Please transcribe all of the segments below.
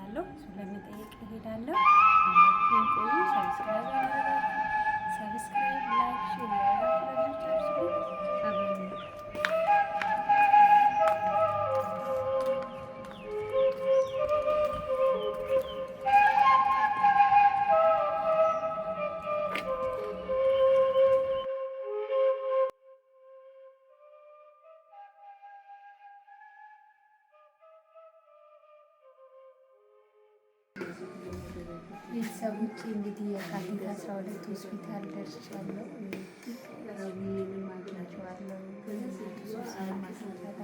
ያለው ለመጠየቅ እሄዳለሁ። ቤተሰቦቼ እንግዲህ የካቲት አስራ ሁለት ሆስፒታል ደርሻለሁ። ይህንን ማግናቸዋለሁ ማስረዳለሁ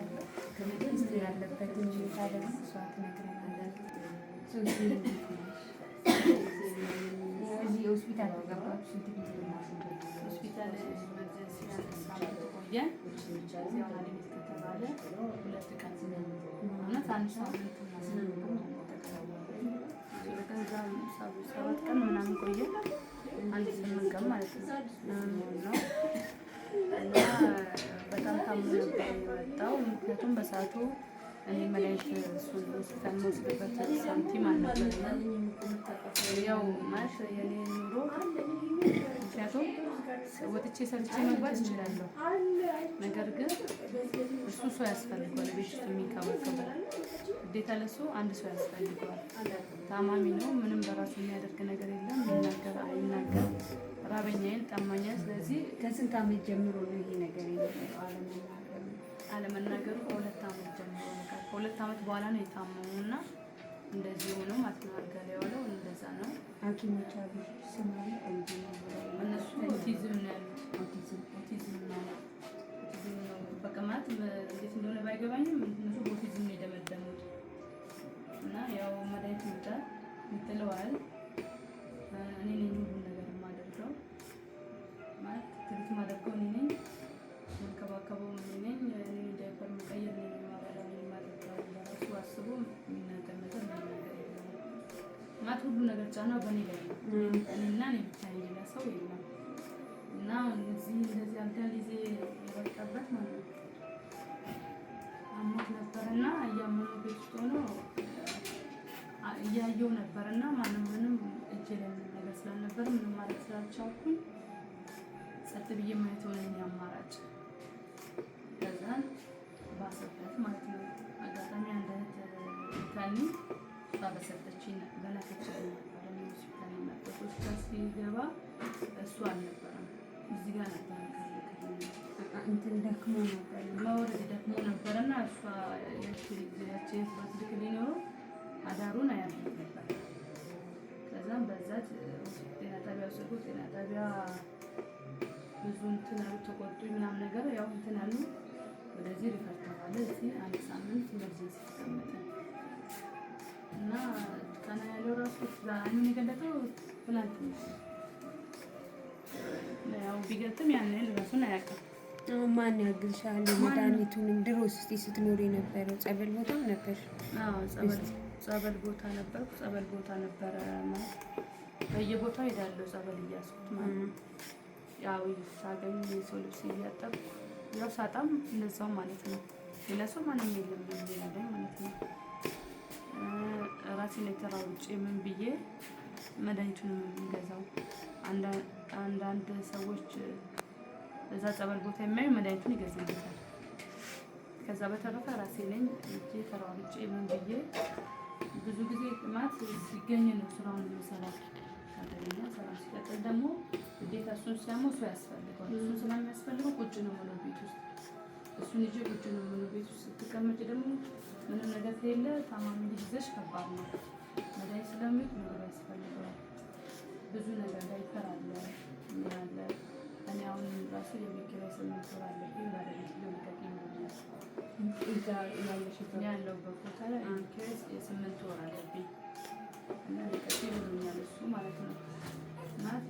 ያለበትን ሁኔታ ደግሞ እሷ ትነግረናለች። እዚህ ሆስፒታል ገባችሁ ሆስፒታል ቆየን ሁለት ቀን ሰባት ቀን ምናምን ቆየ። አንድ ስምንት ማለት ነው ነው እና በጣም ታሞ ነበር የወጣው። ምክንያቱም በሰዓቱ እኔ መድኃኒት እሱን ሆስፒታል መወስድበት ሳንቲም አልነበረና ያው ማለት የኔ ኑሮ ምክንያቱም ወጥቼ ሰርቼ መግባት እችላለሁ ነገር ግን እሱ ሰው ያስፈልገዋል። ቤት ውስጥ የሚንከባከበው ግዴታ ለሱ አንድ ሰው ያስፈልገዋል። ታማሚ ነው። ምንም በራሱ የሚያደርግ ነገር የለም። ይናገር አይናገር፣ ራበኛዬን፣ ጠማኛል። ስለዚህ ከስንት ዓመት ጀምሮ ነው ይሄ ነገር አለመናገሩ? ከሁለት ዓመት ጀምሮ ነገር ከሁለት ዓመት በኋላ ነው የታመሙ እና እንደዚህ ሆኖ ማስተናገል ያለው እንደዛ ነው። ሐኪሞች እነሱ ኦቲዝም ነው ያሉት ነው በእኔ ላይ እኔና እኔ ብቻ ሌላ ሰው የለም። እና እዚህ እንደዚህ አልጋ ጊዜ የበቃበት ማለት ነው አሞት ነበርና እያመኑ ቤት ውስጥ ሆኖ እያየው ነበርና ማንም ምንም እጅ ላይ ነገር ስላልነበር ምንም ማለት ስላልቻልኩኝ ጸጥ ብዬ ማየት ሆነኝ አማራጭ ከዛን ባሰበት ማለት ነው አጋጣሚ አንድ እህት ታኒ ባበሰጠችኝ በላከችልኝ ሴቶች ጋር ሲገባ እሱ አልነበረም፣ እዚህ ጋር ነበረ። እንትን ደክሞ ነበር መውረድ ደክሞ ነበረና እሷ ጊዜያችን ትልክ ሊኖረው አዳሩን አያድርግ ነበር። ከዛም በዛች ጤና ጣቢያ ወሰዱ። ጤና ጣቢያ ብዙ እንትን አሉ፣ ተቆጡ ምናምን ነገር ያው እንትን አሉ። ወደዚህ ሪፈር ተባለ። እዚህ አንድ ሳምንት እንደዚህ ተቀመጠ እና ቀና ያለው ራሱ ዛ ማለት ነው። ያው ቢገጥም ያን ልራሱን አያውቅም። አሁን ማን ያግልሻል? መድኃኒቱንም ድሮ ውስጥ ስትኖር የነበረው ጸበል ቦታም ነበር። ጸበል ቦታ ነበር። ጸበል ቦታ ነበረ ማለት በየቦታው ሄዳለሁ ጸበል እያስኩት ማለት ያው ሳገኝ የሰው ልብስ እያጠብኩ ያው ሳጣም እንደዛው ማለት ነው። ሌላ ሰው ማንም የለም ያለኝ ማለት ነው። ራሴን የተራውጭ ምን ብዬ መድኃኒቱን የምንገዛው። አንዳንድ ሰዎች እዛ ጸበል ቦታ የሚያዩ መድኃኒቱን ይገዛበታል። ከዛ በተረፈ ራሴ ነኝ እጄ ተሯሩጬ ምን ብዬ ብዙ ጊዜ ጥማት ሲገኝ ነው ስራውን የሚሰራ ካደረኛ ስራ ሲቀጥል ደግሞ ግዴታ እሱን ደግሞ እሱ ያስፈልገዋል። እሱ ስለሚያስፈልገው ቁጭ ነው ሆነው ቤት ውስጥ እሱን ይዤ ቁጭ ነው ሆነው ቤት ውስጥ ስትቀመጭ ደግሞ ምንም ነገር ከሌለ ታማሚ ልጅ ይዘሽ ከባድ ነው። መድኃኒት ስለሚል ምግብ ያስፈልገዋል። ብዙ ነገር ላይ ይፈራለ ያለ እኔ አሁን ራሱ የሚገባ ስምንትር አለብኝ ባለቤት ለመጠቅ ይመኛል እዛ ቦታ ላይ አንኬዝ የስምንት ወር አለብኝ እና ሊቀጥ ይሉኛል እሱ ማለት ነው ናት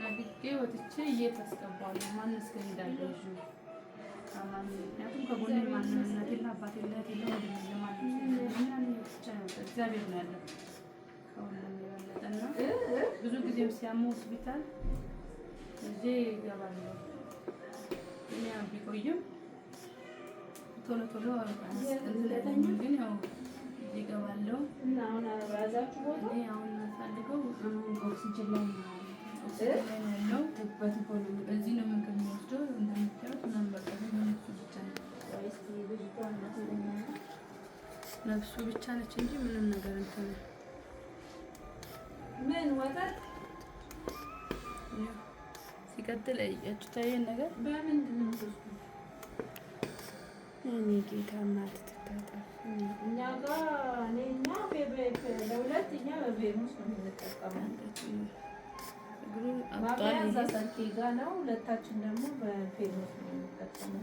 ነግቄ ወጥቼ እየተስገባሉ ማን እስከ ሄዳለ ምክንያቱም ከጎን ማንነት የለ አባት የለ የለ እግዚአብሔር ነው ያለው ከሁሉም የበለጠና ብዙ ጊዜም ሲያሙ ሆስፒታል እዜ ይገባል። እኛ ቢቆይም ቶሎ ቶሎ ግን ያው ይገባለው እና አሁን አባዛችሁ ቦታ እኔ አሁን ፈልገው ኦክሲጅን ላይ ነው ያለው። በዚህ ነው የምንወስደው እንደምታዩት ነበር ነፍሱ ብቻ ነች እንጂ ምንም ነገር እንትን ምን ወተት ሲቀጥል ያችታየን ነገር በምንድን ነው እኔ ጌታ እናት ትታጠፍ እኛ ጋር እኔ እና ለሁለት እኛ በቤሙስ ነው የምንጠቀመው። እግሩን አጣሪ ዛሳኪ ነው። ሁለታችን ደግሞ በፌሞስ ነው የምንጠቀመው።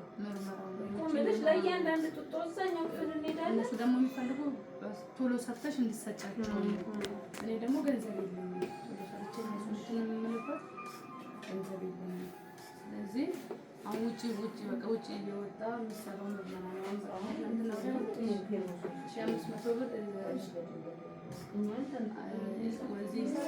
ምልሽ ለእያንዳንድ ጡጦ እዛኛው ክፍል እንሄዳለን። እነሱ ደግሞ የሚፈልጉ ቶሎ ሰርተሽ እንዲሰጫቸው፣ እኔ ደግሞ ገንዘብ የምልበት ገንዘብ የለኝም። ስለዚህ አሁን ውጭ ውጭ በቃ ውጭ እየወጣ የሚሰራው ምርመራ አምስት መቶ ብር እዚህ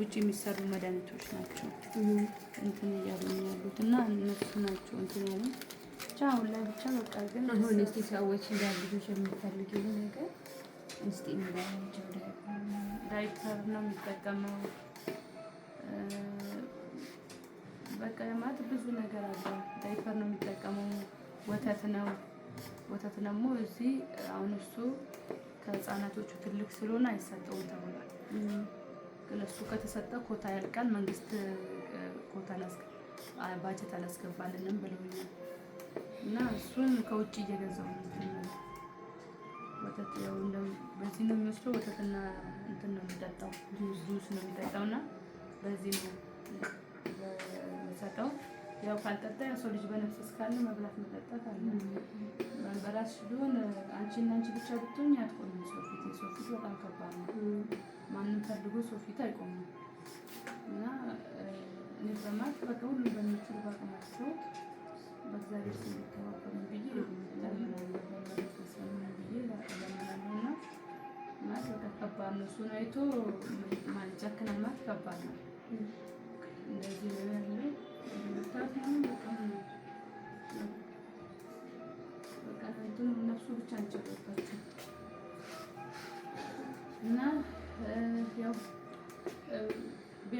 ውጭ የሚሰሩ መድኃኒቶች ናቸው እንትን እያሉ ያሉት እና እነሱ ናቸው እንትን ያሉ ብቻ አሁን ላይ ብቻ በቃ ግን አሁን እስቲ ሰዎች እንዳልጆች የሚፈልገው ነገር እስቲ እንዳያቸው ዳይፐር ነው የሚጠቀመው። በቃ ማለት ብዙ ነገር አለ። ዳይፐር ነው የሚጠቀመው። ወተት ነው ወተት ደግሞ እዚህ አሁን እሱ ከህፃናቶቹ ትልቅ ስለሆነ አይሰጠውም ተብሏል። ለሱ ከተሰጠ ኮታ ያልቃል፣ መንግስት ኮታ ባጀት አላስገባልንም ብለውኛል እና እሱን ከውጭ እየገዛው ወተት ያው በዚህ ነው የሚወስደው። ወተትና እንትን ነው የሚጠጣው፣ ጁስ ነው የሚጠጣው እና በዚህ ነው የሚሰጠው። ያው ካልጠጣ ያው ሰው ልጅ በነፍስ እስካለ መብላት መጠጣት አለ። በራስሽ ቢሆን አንቺና አንቺ ብቻ ብትሆኝ አትቆምም። ሰው ፊት የሰው ፊት በጣም ከባድ ነው። ማንም ፈልጎ ሰው ፊት አይቆምም እና እኔ በማት በቃ ሁሉ በሚችሉ ባቅማቸው በእግዚአብሔር ስም ሊተባበሩ ብዬ ብዬ ለምናለሁ እና ማለት በቃ ከባድ ነው። እሱን አይቶ ማለት ጨክናል ከባድ ነው እንደዚህ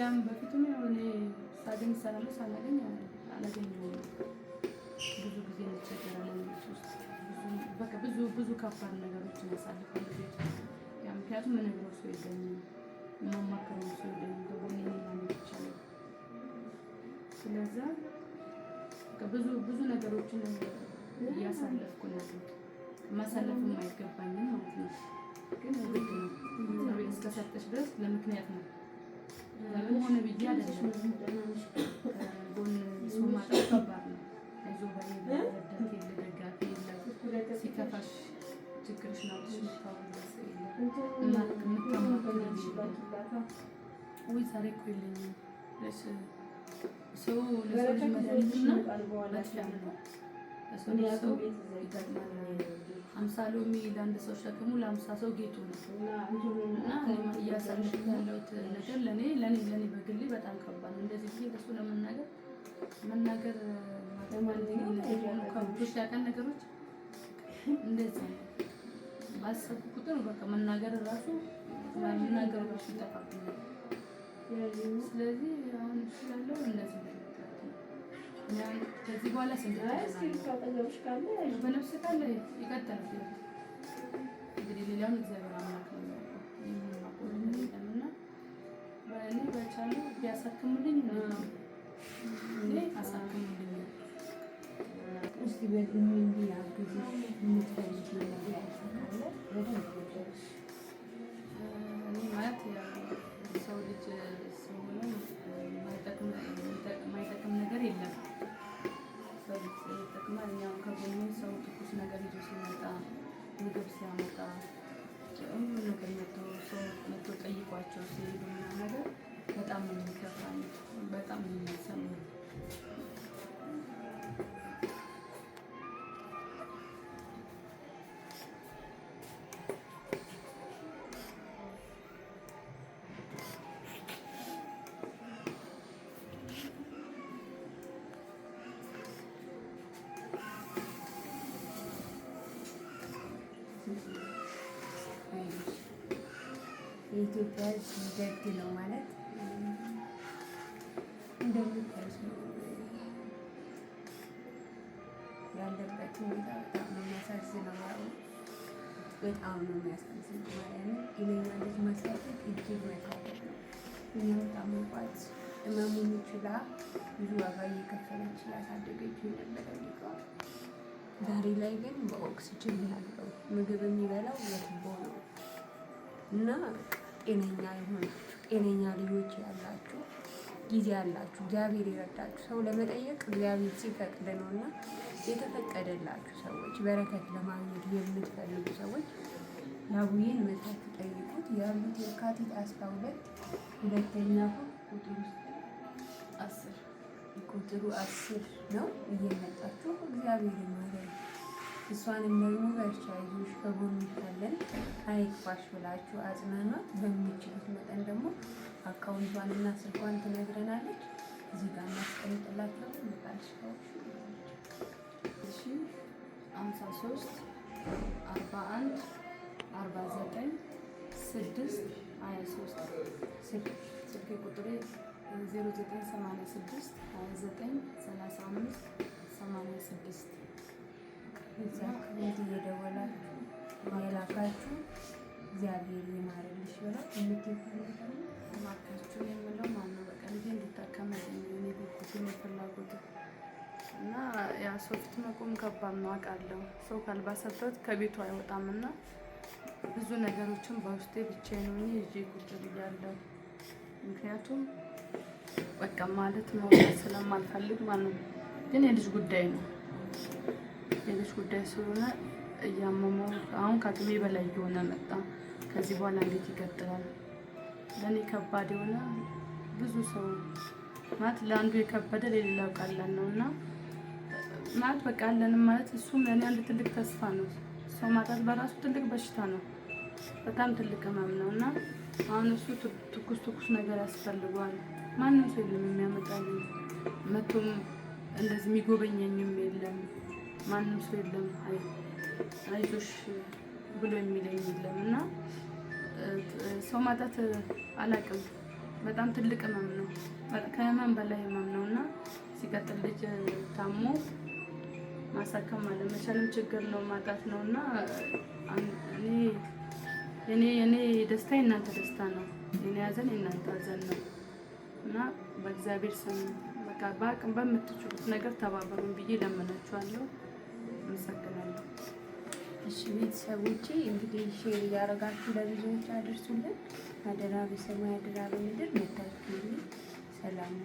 ሌላም በፊትም የሆነ ሳገኝ ሰላም ሳናገኝ አላገኝ ብዙ ጊዜ እንቸገራለን ብዙ ብዙ ከባድ ነገሮች ያሳልፋል ያ ምክንያቱም ምነግረው ሰው የለኝም፣ የማማክረው ሰው የለኝም። ከጎኔ ሌላ ይቻላል። ስለዛ ብዙ ብዙ ነገሮችን እያሳለፍኩ ነው። ማሳለፍ የማይገባኝም ማለት ነው። ግን ቤት ነው ቤት እስከሰጠች ድረስ ለምክንያት ነው ሆነ ብዬ አይደለም። ጎን ሰው ማጣት ከባድ ነው። አይዞህ በይ ደጋፊ የለ። ሲከፋሽ ችግርሽን አውጥሽ ዛሬ እኮ የለኝም ሰው ለሰው ልጅ መድኃኒትና ነው ምክንያቱም ሀምሳ ሎሚ ለአንድ ሰው ሸክሙ ለአምሳ ሰው ጌጡ ነው እና እያሳለፍ ያለሁት ነገር ለእኔ ለእኔ ለእኔ በግሌ በጣም ከባድ ነው። እንደዚህ ጊዜ እሱ ለመናገር መናገር ከብቶች ያቀን ነገሮች እንደዚህ ባሰብኩ ቁጥር በቃ መናገር ራሱ መናገር ራሱ ይጠፋብኛል። ስለዚህ አሁን ይችላለው እንደዚህ ከዚህ በኋላ ስንት እንግዲህ ሌላም እግዚአብሔር አምላክ በቻሉ ቢያሳክሙልኝ እኔ አሳክሙልኝ። እስቲ በእድሜ እንዲህ አግዙሽ የምትፈልጊ ነገር የኢትዮጵያ ሕዝብ ደግ ነው ማለት እንደምታዩት ያለበት ሁኔታ በጣም ነው የሚያሳዝነው። በጣም ነው የሚያሳዝነው ማለት ነው። ልጅ ማሳደግ እጅግ መታደግ ነው። እኛ በጣም እመሙን ችላ ብዙ ዋጋ እየከፈለች ስላሳደገች ነበረ ሊቀዋል ዛሬ ላይ ግን በኦክሲጅን ያለው ምግብ የሚበላው የትቦ ነው እና ጤነኛ የሆናችሁ ጤነኛ ልጆች ያላችሁ ጊዜ ያላችሁ እግዚአብሔር ይረዳችሁ። ሰው ለመጠየቅ እግዚአብሔር ሲፈቅድ ነው እና የተፈቀደላችሁ ሰዎች በረከት ለማግኘት የምትፈልጉ ሰዎች የአቡዬን መጽሐፍ ጠይቁት። ያሉት የካቲት አስራ ሁለት ሁለተኛ ቁጥር አስር ቁጥሩ አስር ነው። እየመጣችሁ እግዚአብሔር ይመስገን እሷንም ደግሞ በርቺ፣ አይዞሽ ከጎንሽ አለን አይክፋሽ ብላችሁ አጽናኗት። በሚችሉት መጠን ደግሞ አካውንቷንና ስልኳን ትነግረናለች። እዚህ ጋር እናስቀምጥላቸዋለን። መጣልሽ እሺ፣ አምሳ ሶስት አርባ አንድ አርባ ዘጠኝ ስድስት ሀያ ሶስት ስልክ ቁጥሬ ዜሮ ዘጠኝ ሰማንያ ስድስት ሀያ ዘጠኝ ሰላሳ አምስት ሰማንያ ስድስት እዛ ክሬድ እየደወላችሁ የላካችሁ እግዚአብሔር ይማረልሽ ብላ የምትማካችሁ የምለው ማነው በቃ ልጄ እንድታከመልኝ የእኔ ጉጉት እና ያ ሰው መቆም ከባድ ነው አውቃለሁ። ሰው ካልባሰበት ከቤቱ አይወጣም እና ብዙ ነገሮችን በውስጤ ብቻዬን ሆኜ ይዤ ቁጭ ብያለሁ። ምክንያቱም በቃ ማለት መውጣት ስለማልፈልግ ማለት ነው። ግን የልጅ ጉዳይ ነው የልጅ ጉዳይ ስለሆነ እያመመው አሁን ከአቅሜ በላይ እየሆነ መጣ። ከዚህ በኋላ እንዴት ይቀጥላል? ለእኔ ከባድ የሆነ ብዙ ሰው ማለት ለአንዱ የከበደ ለሌላው ቀላል ነው እና ማለት በቃ አለንም ማለት እሱም ለእኔ አንድ ትልቅ ተስፋ ነው። ሰው ማጣት በራሱ ትልቅ በሽታ ነው፣ በጣም ትልቅ ህመም ነው እና አሁን እሱ ትኩስ ትኩስ ነገር ያስፈልገዋል። ማንም ሰው የለም የሚያመጣልኝ መቶም እንደዚህ የሚጎበኘኝም የለም። ማንም ሰው የለም አይዞሽ ብሎ የሚለኝ የለም እና ሰው ማጣት አላቅም። በጣም ትልቅ ህመም ነው፣ ከህመም በላይ ህመም ነው እና ሲቀጥል ልጅ ታሞ ማሳከም አለመቻልም ችግር ነው፣ ማጣት ነው እና እኔ እኔ ደስታ የእናንተ ደስታ ነው፣ የኔ ሀዘን የእናንተ ሀዘን ነው እና በእግዚአብሔር ስም በቃ በአቅም በምትችሉት ነገር ተባበሩን ብዬ ለምናችኋለሁ። አመሰግናለሁ። እሺ ቤተሰቦቼ እንግዲህ ሼር እያደረጋችሁ ለብዙዎች አድርሱልን። አደራ በሰማይ አደራ በምድር መታችሁ ሰላም